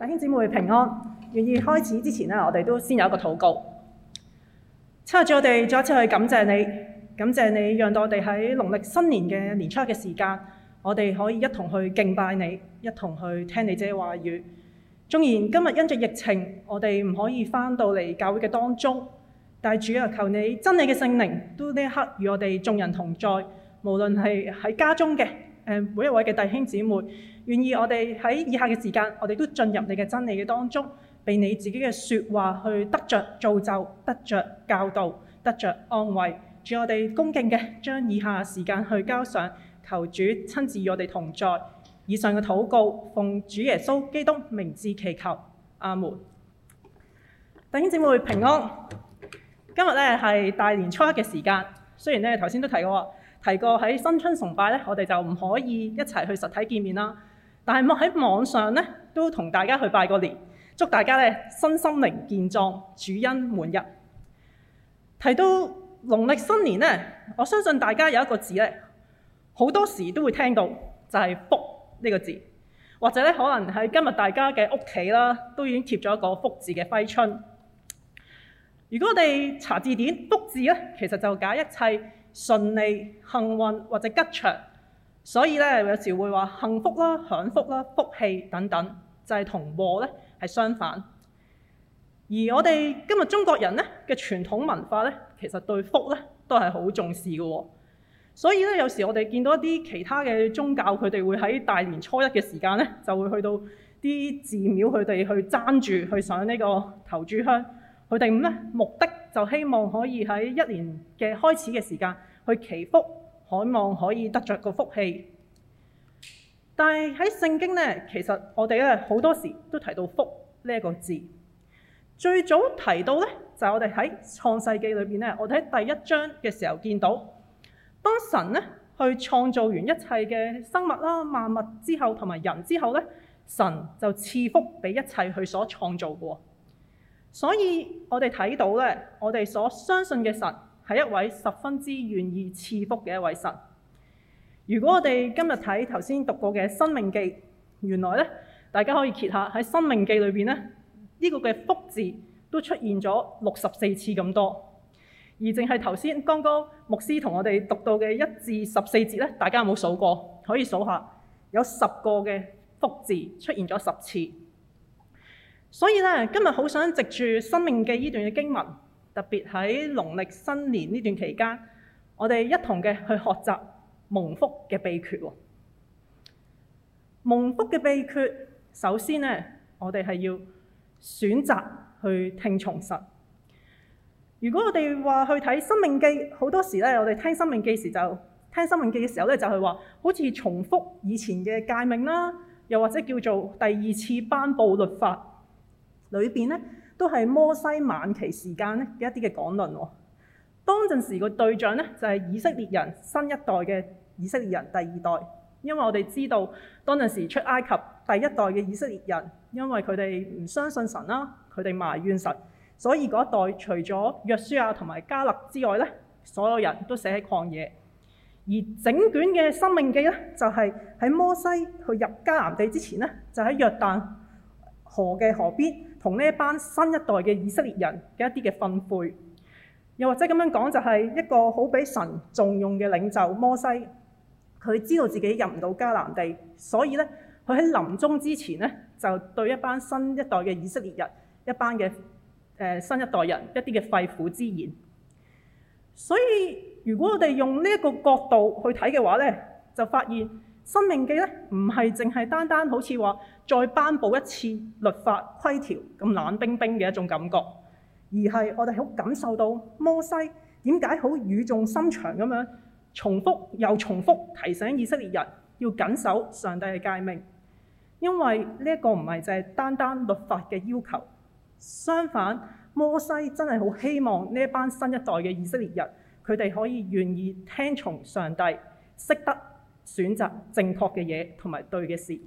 弟兄姊妹平安。願意開始之前咧，我哋都先有一個禱告。差咗我哋再一次去感謝你，感謝你讓到我哋喺農曆新年嘅年初嘅時間，我哋可以一同去敬拜你，一同去聽你嘅話語。縱然今日因着疫情，我哋唔可以翻到嚟教會嘅當中，但係主啊，求你真理嘅聖靈都呢一刻與我哋眾人同在，無論係喺家中嘅誒每一位嘅弟兄姊妹。願意我哋喺以下嘅時間，我哋都進入你嘅真理嘅當中，被你自己嘅説話去得着造就，得着教導，得著安慰。主我哋恭敬嘅，將以下時間去交上，求主親自與我哋同在。以上嘅禱告，奉主耶穌基督名字祈求，阿門。弟兄姊妹平安。今日咧係大年初一嘅時間，雖然咧頭先都提過，提過喺新春崇拜咧，我哋就唔可以一齊去實體見面啦。但係我喺網上咧，都同大家去拜個年，祝大家咧身心靈健壯，主恩滿溢。提到農曆新年咧，我相信大家有一個字咧，好多時都會聽到，就係福呢個字。或者咧，可能喺今日大家嘅屋企啦，都已經貼咗一個福字嘅揮春。如果我哋查字典，福字咧，其實就係一切順利、幸運或者吉祥。所以咧，有時會話幸福啦、享福啦、福氣等等，就係同禍咧係相反。而我哋今日中國人咧嘅傳統文化咧，其實對福咧都係好重視嘅。所以咧，有時我哋見到一啲其他嘅宗教，佢哋會喺大年初一嘅時間咧，就會去到啲寺廟，佢哋去爭住去上呢個頭炷香，佢哋咧，目的就希望可以喺一年嘅開始嘅時間去祈福。渴望可以得着個福氣，但係喺聖經呢，其實我哋咧好多時都提到福呢一個字。最早提到呢，就係、是、我哋喺創世記裏邊呢，我哋喺第一章嘅時候見到，當神咧去創造完一切嘅生物啦、萬物之後同埋人之後呢，神就賜福俾一切去所創造嘅。所以我哋睇到呢，我哋所相信嘅神。係一位十分之願意賜福嘅一位神。如果我哋今日睇頭先讀過嘅《申命記》，原來呢，大家可以揭下喺《申命記》裏邊呢，呢個嘅福字都出現咗六十四次咁多。而淨係頭先剛剛牧師同我哋讀到嘅一至十四節呢，大家有冇數過？可以數下，有十個嘅福字出現咗十次。所以呢，今日好想藉住《申命記》呢段嘅經文。特別喺農曆新年呢段期間，我哋一同嘅去學習蒙福嘅秘訣。蒙福嘅秘訣，首先呢，我哋係要選擇去聽從神。如果我哋話去睇《申命記》，好多時咧，我哋聽《申命記》時就聽《申命記》嘅時候咧，就係話好似重複以前嘅誡命啦，又或者叫做第二次頒布律法裏邊呢。都係摩西晚期時間嘅一啲嘅講論喎、哦。當陣時個對象呢，就係、是、以色列人新一代嘅以色列人第二代，因為我哋知道當陣時出埃及第一代嘅以色列人，因為佢哋唔相信神啦，佢哋埋怨神，所以嗰一代除咗約書亞同埋迦勒之外呢，所有人都死喺曠野。而整卷嘅申命記呢，就係、是、喺摩西去入迦南地之前呢，就喺約旦河嘅河邊。同呢一班新一代嘅以色列人嘅一啲嘅訓誨，又或者咁樣講，就係一個好俾神重用嘅領袖摩西，佢知道自己入唔到迦南地，所以咧佢喺臨終之前咧就對一班新一代嘅以色列人一班嘅誒新一代人一啲嘅肺腑之言。所以如果我哋用呢一個角度去睇嘅話咧，就發現。《申命記呢》咧唔係淨係單單好似話再頒布一次律法規條咁冷冰冰嘅一種感覺，而係我哋好感受到摩西點解好語重心長咁樣重複又重複提醒以色列人要謹守上帝嘅誡命，因為呢一個唔係就係單單律法嘅要求，相反摩西真係好希望呢一班新一代嘅以色列人佢哋可以願意聽從上帝，識得。選擇正確嘅嘢同埋對嘅事。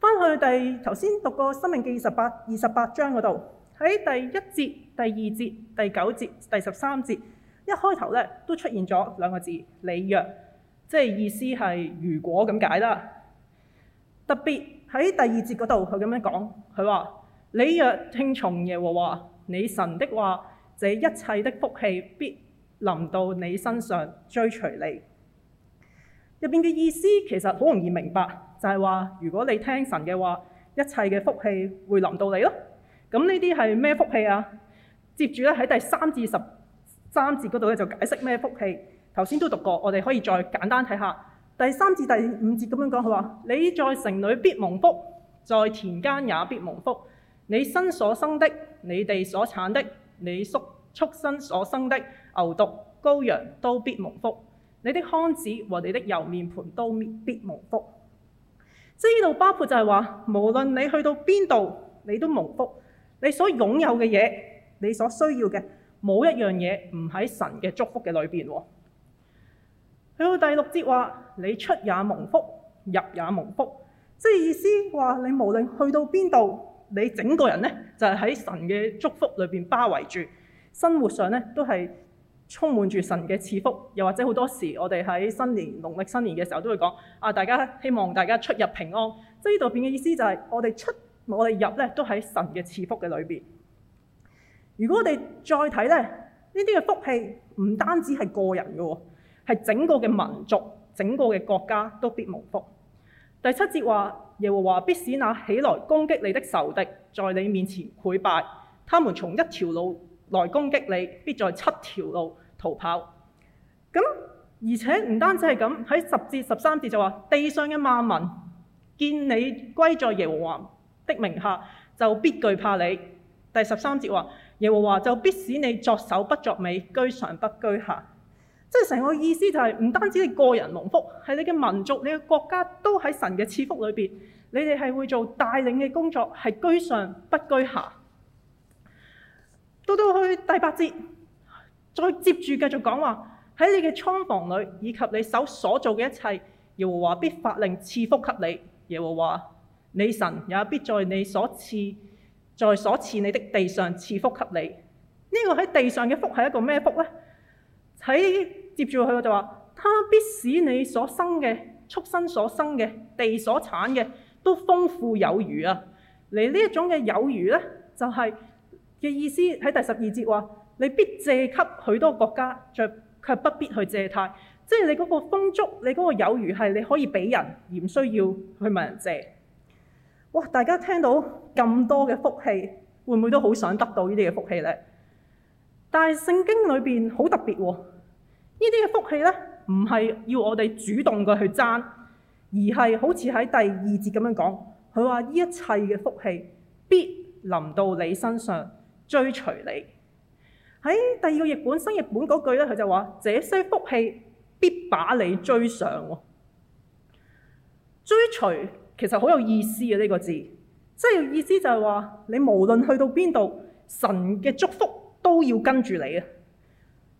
返去第頭先讀過《申命記》二十八二十八章嗰度，喺第一節、第二節、第九節、第十三節一開頭呢都出現咗兩個字，你若即係意思係如果咁解啦。特別喺第二節嗰度，佢咁樣講，佢話你若聽從耶和華你神的話，這一切的福氣必臨到你身上，追隨你。入邊嘅意思其實好容易明白，就係話如果你聽神嘅話，一切嘅福氣會臨到你咯。咁呢啲係咩福氣啊？接住咧喺第三至十三節嗰度咧就解釋咩福氣。頭先都讀過，我哋可以再簡單睇下第三至第五節咁樣講，佢話你在城裏必蒙福，在田間也必蒙福。你身所生的，你哋所產的，你畜畜生所生的，牛、犢、羔羊都必蒙福。你的筐子和你的摶麵盆都必蒙福，即係呢度包括就係話，無論你去到邊度，你都蒙福。你所擁有嘅嘢，你所需要嘅，冇一樣嘢唔喺神嘅祝福嘅裏邊。去到第六節話，你出也蒙福，入也蒙福，即係意思話，你無論去到邊度，你整個人呢，就係、是、喺神嘅祝福裏邊包圍住，生活上呢，都係。充滿住神嘅賜福，又或者好多時我哋喺新年、農曆新年嘅時候都會講啊，大家希望大家出入平安。即係呢度變嘅意思就係、是、我哋出我哋入咧都喺神嘅賜福嘅裏邊。如果我哋再睇咧，呢啲嘅福氣唔單止係個人嘅喎，係整個嘅民族、整個嘅國家都必蒙福。第七節話耶和華必使那起來攻擊你的仇敵，在你面前潰敗，他們從一條路，來攻擊你，必在七條路逃跑。咁而且唔單止係咁，喺十至十三節就話地上嘅萬民見你歸在耶和華的名下，就必懼怕你。第十三節話耶和華就必使你作首不作尾，居上不居下。即係成個意思就係、是、唔單止你個人蒙福，係你嘅民族、你嘅國家都喺神嘅賜福裏邊，你哋係會做帶領嘅工作，係居上不居下。到到去第八節，再接住繼續講話喺你嘅倉房裏以及你手所做嘅一切，耶和華必發令賜福給你。耶和華你神也必在你所賜在所賜你的地上賜福給你。呢、這個喺地上嘅福係一個咩福呢？喺接住去我就話，他必使你所生嘅、畜生所生嘅、地所產嘅都豐富有餘啊！嚟呢一種嘅有餘呢，就係、是。嘅意思喺第十二節話：你必借給許多國家，卻不必去借貸。即係你嗰個豐足，你嗰個有餘係你可以俾人，而唔需要去問人借。哇！大家聽到咁多嘅福氣，會唔會都好想得到呢啲嘅福氣呢？但係聖經裏邊好特別，呢啲嘅福氣呢，唔係要我哋主動嘅去爭，而係好似喺第二節咁樣講，佢話呢一切嘅福氣必臨到你身上。追隨，你喺第二個譯本新譯本嗰句呢，佢就話：這些福氣必把你追上。追隨，其實好有意思嘅呢、這個字，即係意思就係話你無論去到邊度，神嘅祝福都要跟住你嘅。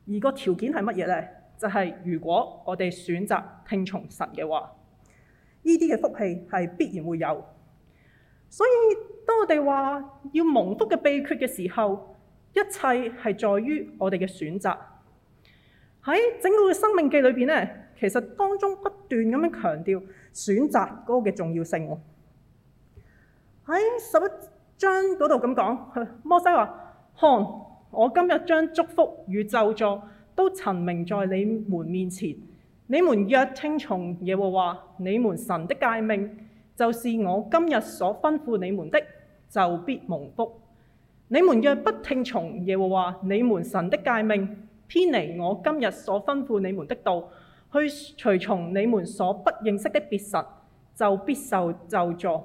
而個條件係乜嘢呢？就係、是、如果我哋選擇聽從神嘅話，呢啲嘅福氣係必然會有。所以當我哋話要蒙福嘅秘訣嘅時候，一切係在於我哋嘅選擇。喺整個申命記裏邊呢，其實當中不斷咁樣強調選擇嗰個嘅重要性。喺十一章嗰度咁講，摩西話：看，我今日將祝福與咒詛都陳明在你們面前，你們若聽從耶和華你們神的誡命，就是我今日所吩咐你們的，就必蒙福；你們若不聽從耶和華你們神的誡命，偏離我今日所吩咐你們的道，去隨從你們所不認識的別神，就必受咒詛。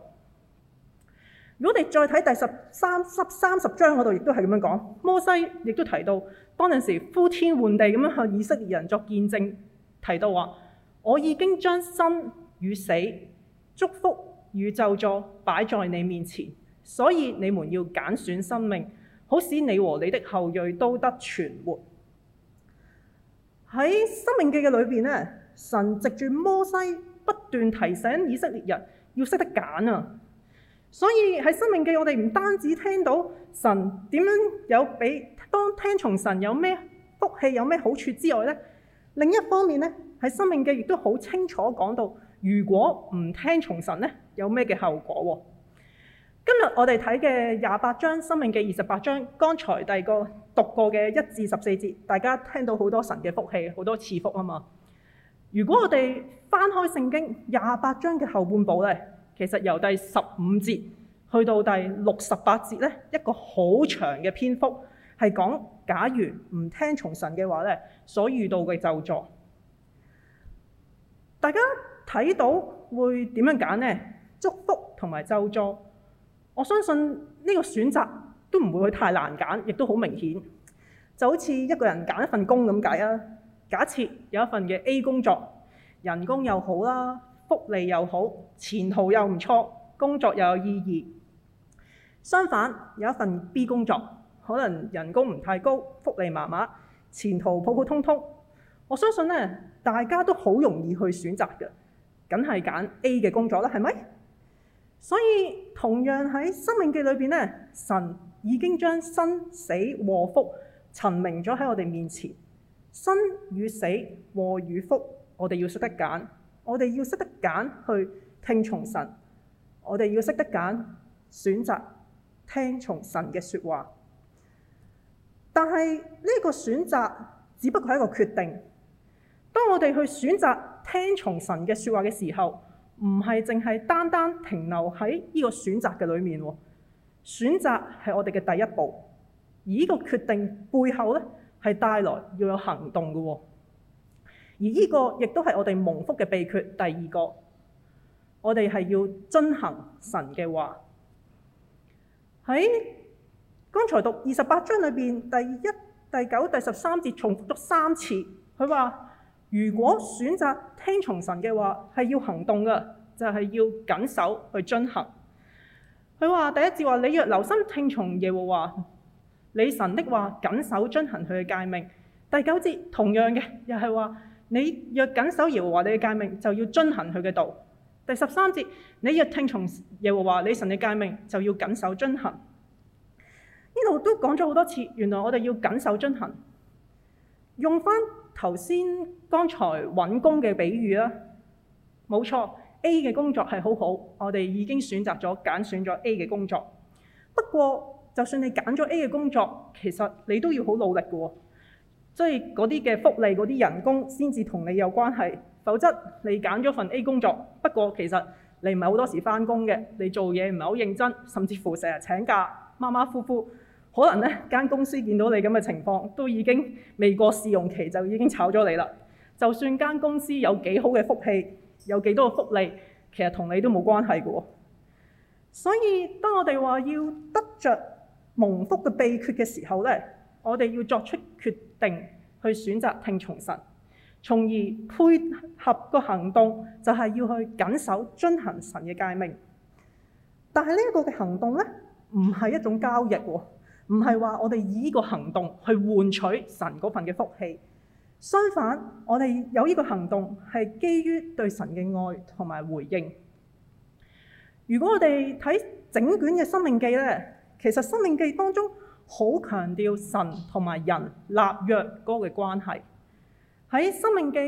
如果你再睇第十三十三十章嗰度，亦都係咁樣講。摩西亦都提到，當陣時呼天喚地咁樣向以色列人作見證，提到話：我已經將生與死，祝福與咒詛擺在你面前，所以你們要揀選生命，好使你和你的後裔都得存活。喺《申命記》嘅裏邊咧，神藉住摩西不斷提醒以色列人要識得揀啊。所以喺《申命記》，我哋唔單止聽到神點樣有俾，當聽從神有咩福氣，有咩好處之外呢，另一方面呢，喺《申命記》亦都好清楚講到。如果唔聽從神呢，有咩嘅後果？今日我哋睇嘅廿八章《申命記》二十八章，剛才第二個讀過嘅一至十四節，大家聽到好多神嘅福氣，好多賜福啊嘛。如果我哋翻開聖經廿八章嘅後半部呢，其實由第十五節去到第六十八節呢，一個好長嘅篇幅係講，假如唔聽從神嘅話呢，所遇到嘅咒詛。大家睇到會點樣揀呢？祝福同埋咒詛，我相信呢個選擇都唔會太難揀，亦都好明顯。就好似一個人揀一份工咁解啊！假設有一份嘅 A 工作，人工又好啦，福利又好，前途又唔錯，工作又有意義。相反，有一份 B 工作，可能人工唔太高，福利麻麻，前途普普通通。我相信呢，大家都好容易去選擇嘅。梗係揀 A 嘅工作啦，係咪？所以同樣喺申命記裏邊咧，神已經將生死禍福陳明咗喺我哋面前。生與死，禍與福，我哋要識得揀，我哋要識得揀去聽從神。我哋要識得揀選擇聽從神嘅說話。但係呢個選擇只不過係一個決定。當我哋去選擇。聽從神嘅説話嘅時候，唔係淨係單單停留喺呢個選擇嘅裏面。選擇係我哋嘅第一步，而呢個決定背後呢，係帶來要有行動嘅。而呢個亦都係我哋蒙福嘅秘訣。第二個，我哋係要遵行神嘅話。喺剛才讀二十八章裏邊，第一、第九、第十三節重複咗三次，佢話。如果選擇聽從神嘅話，係要行動嘅，就係要謹守去遵行。佢話第一節話：你若留心聽從耶和華你神的話，謹守遵行佢嘅誡命。第九節同樣嘅，又係話你若謹守耶和華你嘅誡命，就要遵行佢嘅道。第十三節你若聽從耶和華你神嘅誡命，就要謹守遵行。呢度都講咗好多次，原來我哋要謹守遵行，用翻。頭先剛才揾工嘅比喻啊，冇錯，A 嘅工作係好好，我哋已經選擇咗揀選咗 A 嘅工作。不過，就算你揀咗 A 嘅工作，其實你都要好努力㗎喎，所以嗰啲嘅福利、嗰啲人工先至同你有關係。否則，你揀咗份 A 工作，不過其實你唔係好多時返工嘅，你做嘢唔係好認真，甚至乎成日請假、馬馬虎虎。可能咧間公司見到你咁嘅情況，都已經未過試用期就已經炒咗你啦。就算間公司有幾好嘅福氣，有幾多嘅福利，其實同你都冇關係嘅喎。所以當我哋話要得着蒙福嘅秘訣嘅時候呢，我哋要作出決定去選擇聽從神，從而配合個行動，就係要去謹守遵行神嘅誡命。但係呢一個嘅行動呢，唔係一種交易喎。唔係話我哋以呢個行動去換取神嗰份嘅福氣，相反，我哋有呢個行動係基於對神嘅愛同埋回應。如果我哋睇整卷嘅《申命記》呢，其實《申命記》當中好強調神同埋人立約嗰個嘅關係。喺《申命記》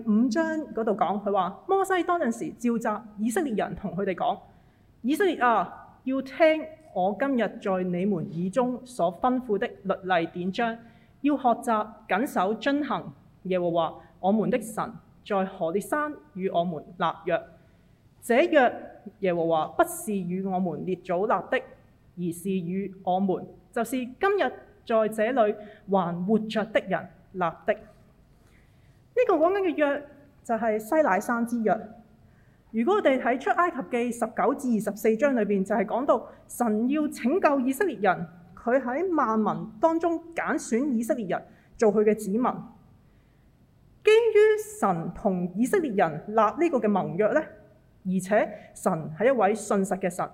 第五章嗰度講，佢話摩西當陣時召集以色列人同佢哋講：以色列啊，要聽。我今日在你們耳中所吩咐的律例典章，要學習、謹守、遵行。耶和華我們的神在何烈山與我們立約，這約耶和華不是與我們列祖立的，而是與我們，就是今日在這裏還活着的人立的。呢、這個講緊嘅約就係、是、西乃山之約。如果我哋睇出埃及記十九至二十四章裏邊，就係講到神要拯救以色列人，佢喺萬民當中揀選以色列人做佢嘅子民。基於神同以色列人立呢個嘅盟約呢，而且神係一位信實嘅神，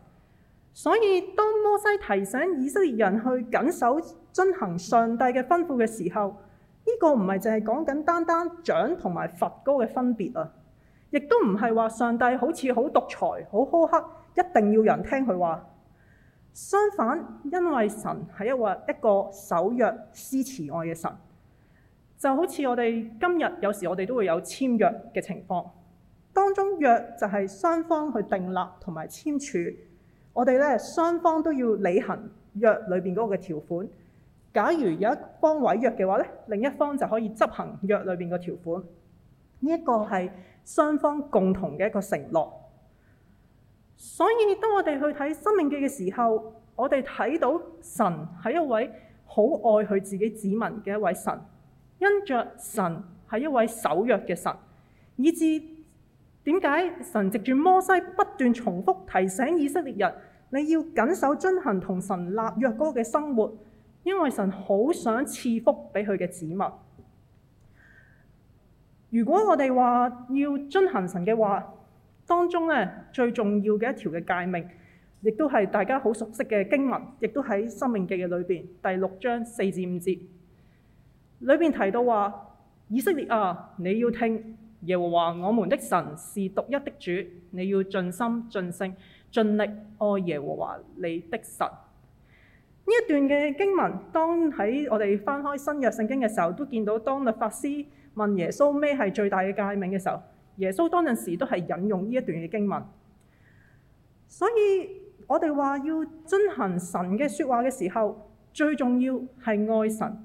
所以當摩西提醒以色列人去謹守遵行上帝嘅吩咐嘅時候，呢個唔係淨係講緊單單長同埋佛高嘅分別啊。亦都唔係話上帝好似好獨裁、好苛刻，一定要有人聽佢話。相反，因為神係一個一個守約施慈愛嘅神，就好似我哋今日有時我哋都會有簽約嘅情況，當中約就係雙方去訂立同埋簽署，我哋咧雙方都要履行約裏邊嗰個嘅條款。假如有一方違約嘅話咧，另一方就可以執行約裏邊嘅條款。呢一個係雙方共同嘅一個承諾，所以當我哋去睇《申命記》嘅時候，我哋睇到神係一位好愛佢自己子民嘅一位神，因着神係一位守約嘅神，以致點解神藉住摩西不斷重複提醒以色列人，你要緊守遵行同神立約歌嘅生活，因為神好想賜福俾佢嘅子民。如果我哋話要遵行神嘅話，當中呢最重要嘅一條嘅誡命，亦都係大家好熟悉嘅經文，亦都喺《申命記》嘅裏邊第六章四至五節，裏邊提到話：以色列啊，你要聽耶和華我們的神是獨一的主，你要盡心、盡性、盡力愛、哦、耶和華你的神。呢一段嘅經文，當喺我哋翻開新約聖經嘅時候，都見到當律法師。問耶穌咩係最大嘅誡命嘅時候，耶穌當陣時都係引用呢一段嘅經文。所以我哋話要遵行神嘅説話嘅時候，最重要係愛神。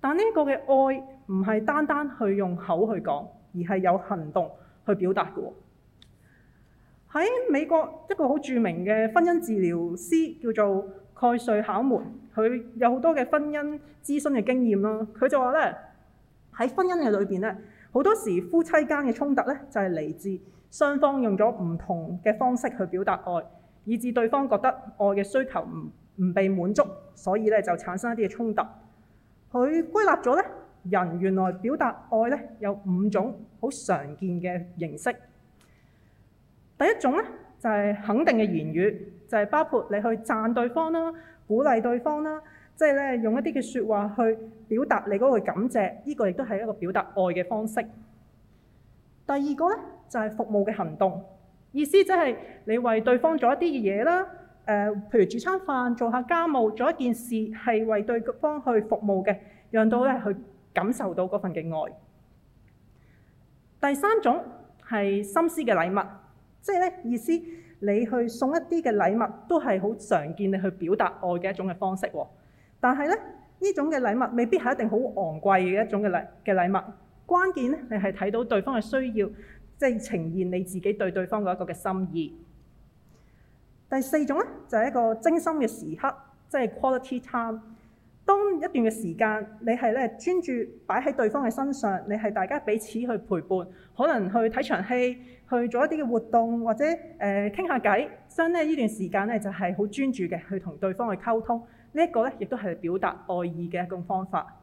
但呢個嘅愛唔係單單去用口去講，而係有行動去表達嘅。喺美國一個好著名嘅婚姻治療師叫做蓋瑞考門，佢有好多嘅婚姻諮詢嘅經驗啦。佢就話咧。喺婚姻嘅裏邊咧，好多時夫妻間嘅衝突咧，就係嚟自雙方用咗唔同嘅方式去表達愛，以致對方覺得愛嘅需求唔唔被滿足，所以咧就產生一啲嘅衝突。佢歸納咗咧，人原來表達愛咧有五種好常見嘅形式。第一種咧就係肯定嘅言語，就係包括你去讚對方啦、鼓勵對方啦。即係咧，用一啲嘅説話去表達你嗰個感謝，呢個亦都係一個表達愛嘅方式。第二個咧就係服務嘅行動，意思即係你為對方做一啲嘅嘢啦，誒、呃，譬如煮餐飯、做下家務、做一件事係為對方去服務嘅，讓到咧去感受到嗰份嘅愛。第三種係心思嘅禮物，即係咧意思你去送一啲嘅禮物，都係好常見你去表達愛嘅一種嘅方式喎。但係咧，呢種嘅禮物未必係一定好昂貴嘅一種嘅禮嘅禮物。關鍵咧，你係睇到對方嘅需要，即係呈現你自己對對方嘅一個嘅心意。第四種咧，就係、是、一個精心嘅時刻，即係 quality time。當一段嘅時間，你係咧專注擺喺對方嘅身上，你係大家彼此去陪伴，可能去睇場戲，去做一啲嘅活動，或者誒傾下偈，所以咧呢段時間咧就係、是、好專注嘅去同對方去溝通。呢一個咧，亦都係表達愛意嘅一種方法。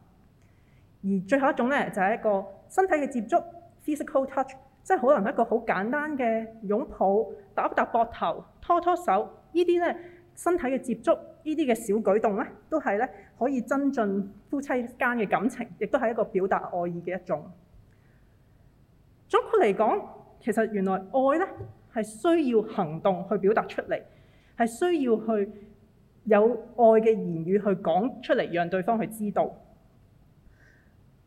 而最後一種咧，就係一個身體嘅接觸 （physical touch），即係可能一個好簡單嘅擁抱、打打膊頭、拖拖手，呢啲咧身體嘅接觸，呢啲嘅小舉動咧，都係咧可以增進夫妻間嘅感情，亦都係一個表達愛意嘅一種。總括嚟講，其實原來愛咧係需要行動去表達出嚟，係需要去。有愛嘅言語去講出嚟，讓對方去知道。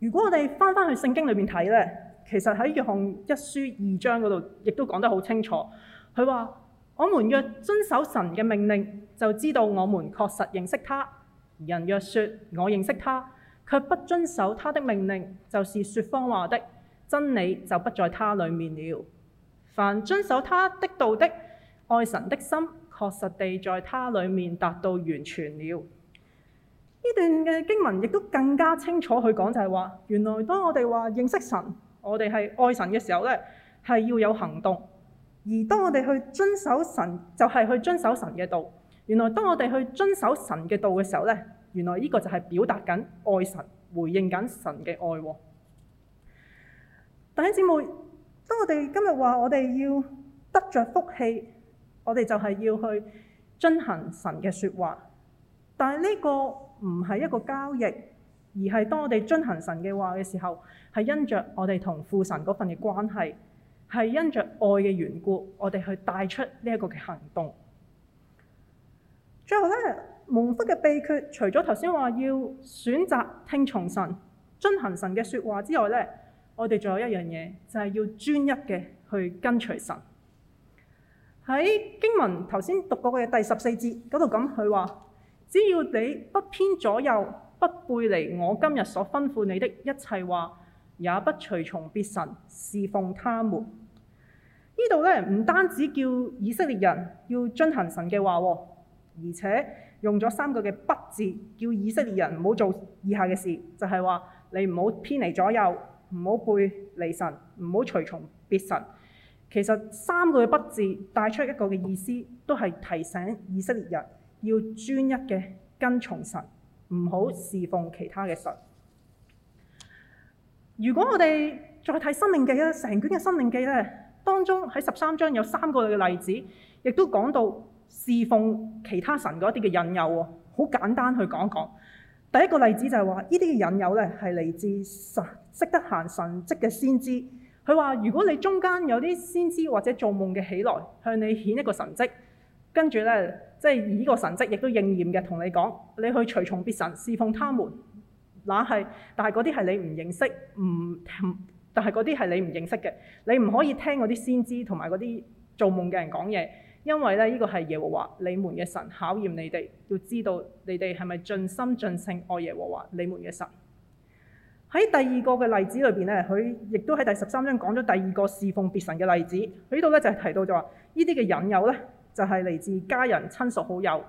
如果我哋翻翻去聖經裏面睇呢，其實喺約翰一書二章嗰度，亦都講得好清楚。佢話：我們若遵守神嘅命令，就知道我們確實認識他。人若說我認識他，卻不遵守他的命令，就是說謊話的。真理就不在他裡面了。凡遵守他的道的，愛神的心，確實地在他裏面達到完全了。呢段嘅經文亦都更加清楚去講，就係話：原來當我哋話認識神，我哋係愛神嘅時候呢，係要有行動；而當我哋去遵守神，就係去遵守神嘅道。原來當我哋去遵守神嘅道嘅時候呢，原來呢個就係表達緊愛神，回應緊神嘅愛。嗯、弟兄姊妹，當我哋今日話我哋要得着福氣。我哋就係要去遵行神嘅説話，但係呢個唔係一個交易，而係當我哋遵行神嘅話嘅時候，係因着我哋同父神嗰份嘅關係，係因着愛嘅緣故，我哋去帶出呢一個嘅行動。最後咧，蒙福嘅秘訣，除咗頭先話要選擇聽從神、遵行神嘅説話之外咧，我哋仲有一樣嘢，就係要專一嘅去跟隨神。喺經文頭先讀過嘅第十四節嗰度，咁佢話：只要你不偏左右，不背離我今日所吩咐你的一切話，也不隨從別神侍奉他們。呢度呢，唔單止叫以色列人要遵行神嘅話喎，而且用咗三個嘅不字，叫以色列人唔好做以下嘅事，就係話你唔好偏離左右，唔好背離神，唔好隨從別神。其實三個嘅不字帶出一個嘅意思，都係提醒以色列人要專一嘅跟從神，唔好侍奉其他嘅神。如果我哋再睇《申命記》咧，成卷嘅《申命記》咧，當中喺十三章有三個嘅例子，亦都講到侍奉其他神嗰啲嘅引誘喎。好簡單去講講，第一個例子就係話，呢啲嘅引誘咧係嚟自神識得行神蹟嘅先知。佢話：如果你中間有啲先知或者造夢嘅起來，向你顯一個神跡，跟住咧即係以呢個神跡亦都應驗嘅，同你講你去隨從別神侍奉他們，那係但係嗰啲係你唔認識，唔但係嗰啲係你唔認識嘅，你唔可以聽嗰啲先知同埋嗰啲造夢嘅人講嘢，因為咧呢個係耶和華你們嘅神考驗你哋，要知道你哋係咪盡心盡性愛耶和華你們嘅神。喺第二個嘅例子裏邊咧，佢亦都喺第十三章講咗第二個侍奉別神嘅例子。佢呢度咧就係、是、提到就係提到就話，呢啲嘅引誘咧就係嚟自家人親屬好友。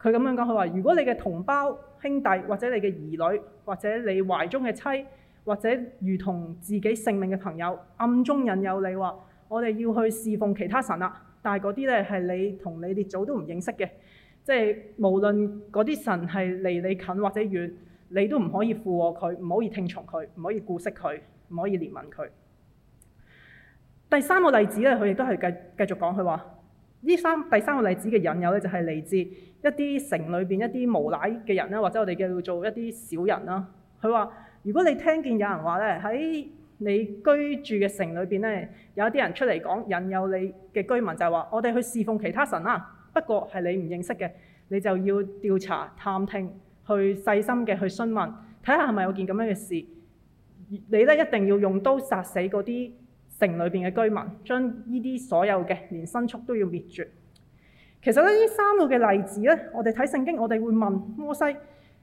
佢咁樣講，佢話：如果你嘅同胞兄弟或者你嘅兒女或者你懷中嘅妻或者如同自己性命嘅朋友暗中引誘你話，我哋要去侍奉其他神啦。但係嗰啲咧係你同你列祖都唔認識嘅，即係無論嗰啲神係離你近或者遠。你都唔可以附和佢，唔可以聽從佢，唔可以顧惜佢，唔可以憐憫佢。第三個例子咧，佢亦都係繼繼續講佢話：呢三第三個例子嘅引誘咧，就係、是、嚟自一啲城裏邊一啲無賴嘅人啦，或者我哋叫做一啲小人啦。佢話：如果你聽見有人話咧，喺你居住嘅城裏邊咧，有一啲人出嚟講引誘你嘅居民就，就係話我哋去侍奉其他神啦，不過係你唔認識嘅，你就要調查探聽。去細心嘅去詢問，睇下係咪有件咁樣嘅事。你咧一定要用刀殺死嗰啲城裏邊嘅居民，將呢啲所有嘅連牲畜都要滅絕。其實咧，呢三個嘅例子咧，我哋睇聖經，我哋會問摩西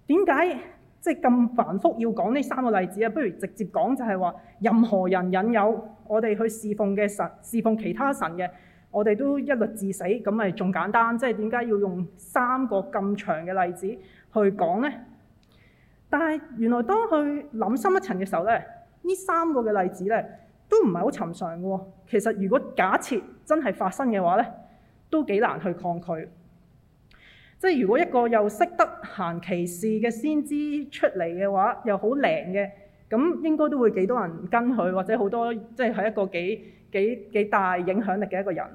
點解即係咁繁複要講呢三個例子啊？不如直接講就係話，任何人引誘我哋去侍奉嘅神，侍奉其他神嘅。我哋都一律致死，咁咪仲簡單？即係點解要用三個咁長嘅例子去講呢？但係原來當佢諗深一層嘅時候咧，呢三個嘅例子咧都唔係好尋常嘅。其實如果假設真係發生嘅話咧，都幾難去抗拒。即係如果一個又識得行奇事嘅先知出嚟嘅話，又好靈嘅，咁應該都會幾多人跟佢，或者好多即係係一個幾？幾幾大影響力嘅一個人。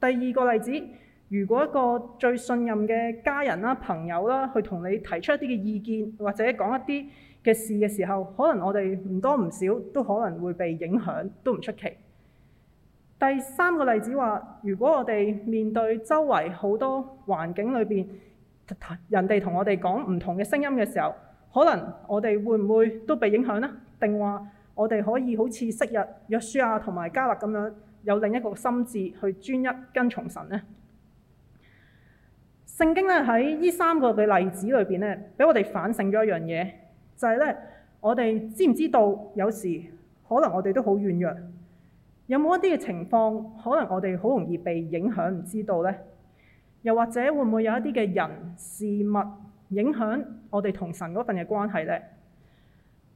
第二個例子，如果一個最信任嘅家人啦、朋友啦，去同你提出一啲嘅意見或者講一啲嘅事嘅時候，可能我哋唔多唔少都可能會被影響，都唔出奇。第三個例子話，如果我哋面對周圍好多環境裏邊人哋同我哋講唔同嘅聲音嘅時候，可能我哋會唔會都被影響呢？定話？我哋可以好似昔日約書亞同埋迦勒咁樣，有另一個心志去專一跟從神呢。聖經咧喺呢三個嘅例子裏邊呢，俾我哋反省咗一樣嘢，就係呢：我哋知唔知道有時可能我哋都好軟弱，有冇一啲嘅情況可能我哋好容易被影響，唔知道呢？又或者會唔會有一啲嘅人事物影響我哋同神嗰份嘅關係呢？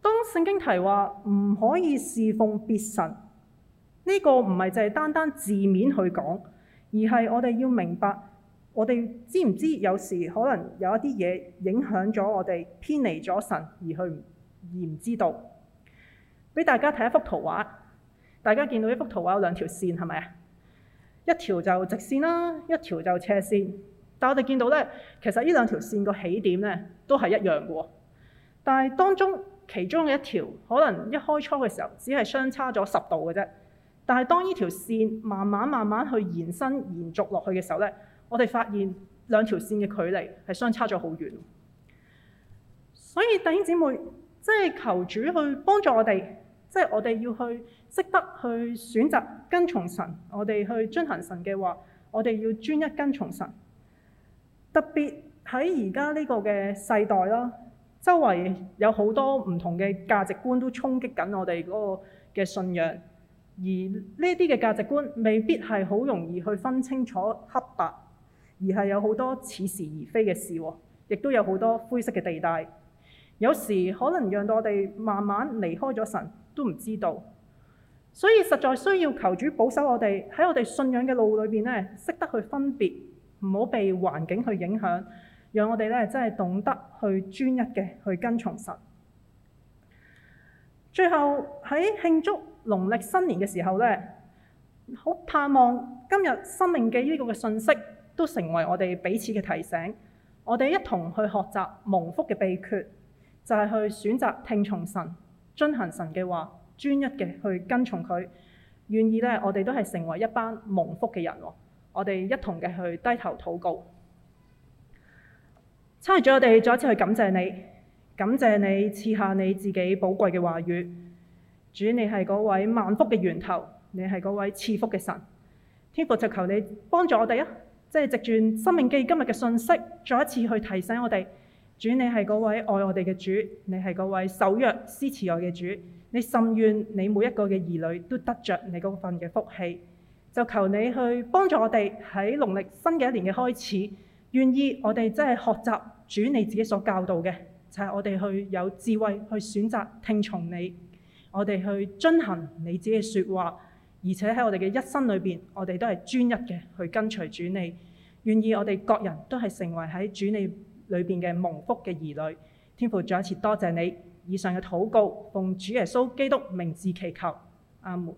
當聖經提話唔可以侍奉別神，呢個唔係淨係單單字面去講，而係我哋要明白，我哋知唔知有時可能有一啲嘢影響咗我哋偏離咗神而去，而唔知道。俾大家睇一幅圖畫，大家見到一幅圖畫有兩條線係咪啊？一條就直線啦，一條就斜線。但我哋見到咧，其實呢兩條線個起點咧都係一樣嘅，但係當中。其中嘅一條，可能一開初嘅時候，只係相差咗十度嘅啫。但係當呢條線慢慢慢慢去延伸、延續落去嘅時候咧，我哋發現兩條線嘅距離係相差咗好遠。所以弟兄姊妹，即係求主去幫助我哋，即係我哋要去識得去選擇跟從神，我哋去遵行神嘅話，我哋要專一跟從神。特別喺而家呢個嘅世代啦。周圍有好多唔同嘅價值觀都衝擊緊我哋嗰個嘅信仰，而呢啲嘅價值觀未必係好容易去分清楚黑白，而係有好多似是而非嘅事，亦都有好多灰色嘅地帶。有時可能讓到我哋慢慢離開咗神都唔知道，所以實在需要求主保守我哋喺我哋信仰嘅路裏邊呢，識得去分別，唔好被環境去影響。讓我哋咧真係懂得去專一嘅去跟從神。最後喺慶祝農曆新年嘅時候呢，好盼望今日生命嘅呢個嘅信息都成為我哋彼此嘅提醒。我哋一同去學習蒙福嘅秘訣，就係去選擇聽從神、遵行神嘅話、專一嘅去跟從佢。願意呢，我哋都係成為一班蒙福嘅人。我哋一同嘅去低頭禱告。差遣咗我哋再一次去感謝你，感謝你賜下你自己寶貴嘅話語。主，你係嗰位萬福嘅源頭，你係嗰位賜福嘅神。天父就求你幫助我哋啊！即係藉住申命記今日嘅信息，再一次去提醒我哋。主，我主，你係嗰位愛我哋嘅主，你係嗰位守約施慈愛嘅主。你甚願你每一個嘅兒女都得着你嗰份嘅福氣。就求你去幫助我哋喺農曆新嘅一年嘅開始。願意我哋即係學習主你自己所教導嘅，就係我哋去有智慧去選擇聽從你，我哋去遵行你自己嘅説話，而且喺我哋嘅一生裏邊，我哋都係專一嘅去跟隨主你。願意我哋各人都係成為喺主你裏邊嘅蒙福嘅兒女。天父再一次多謝你，以上嘅禱告奉主耶穌基督名字祈求，阿門。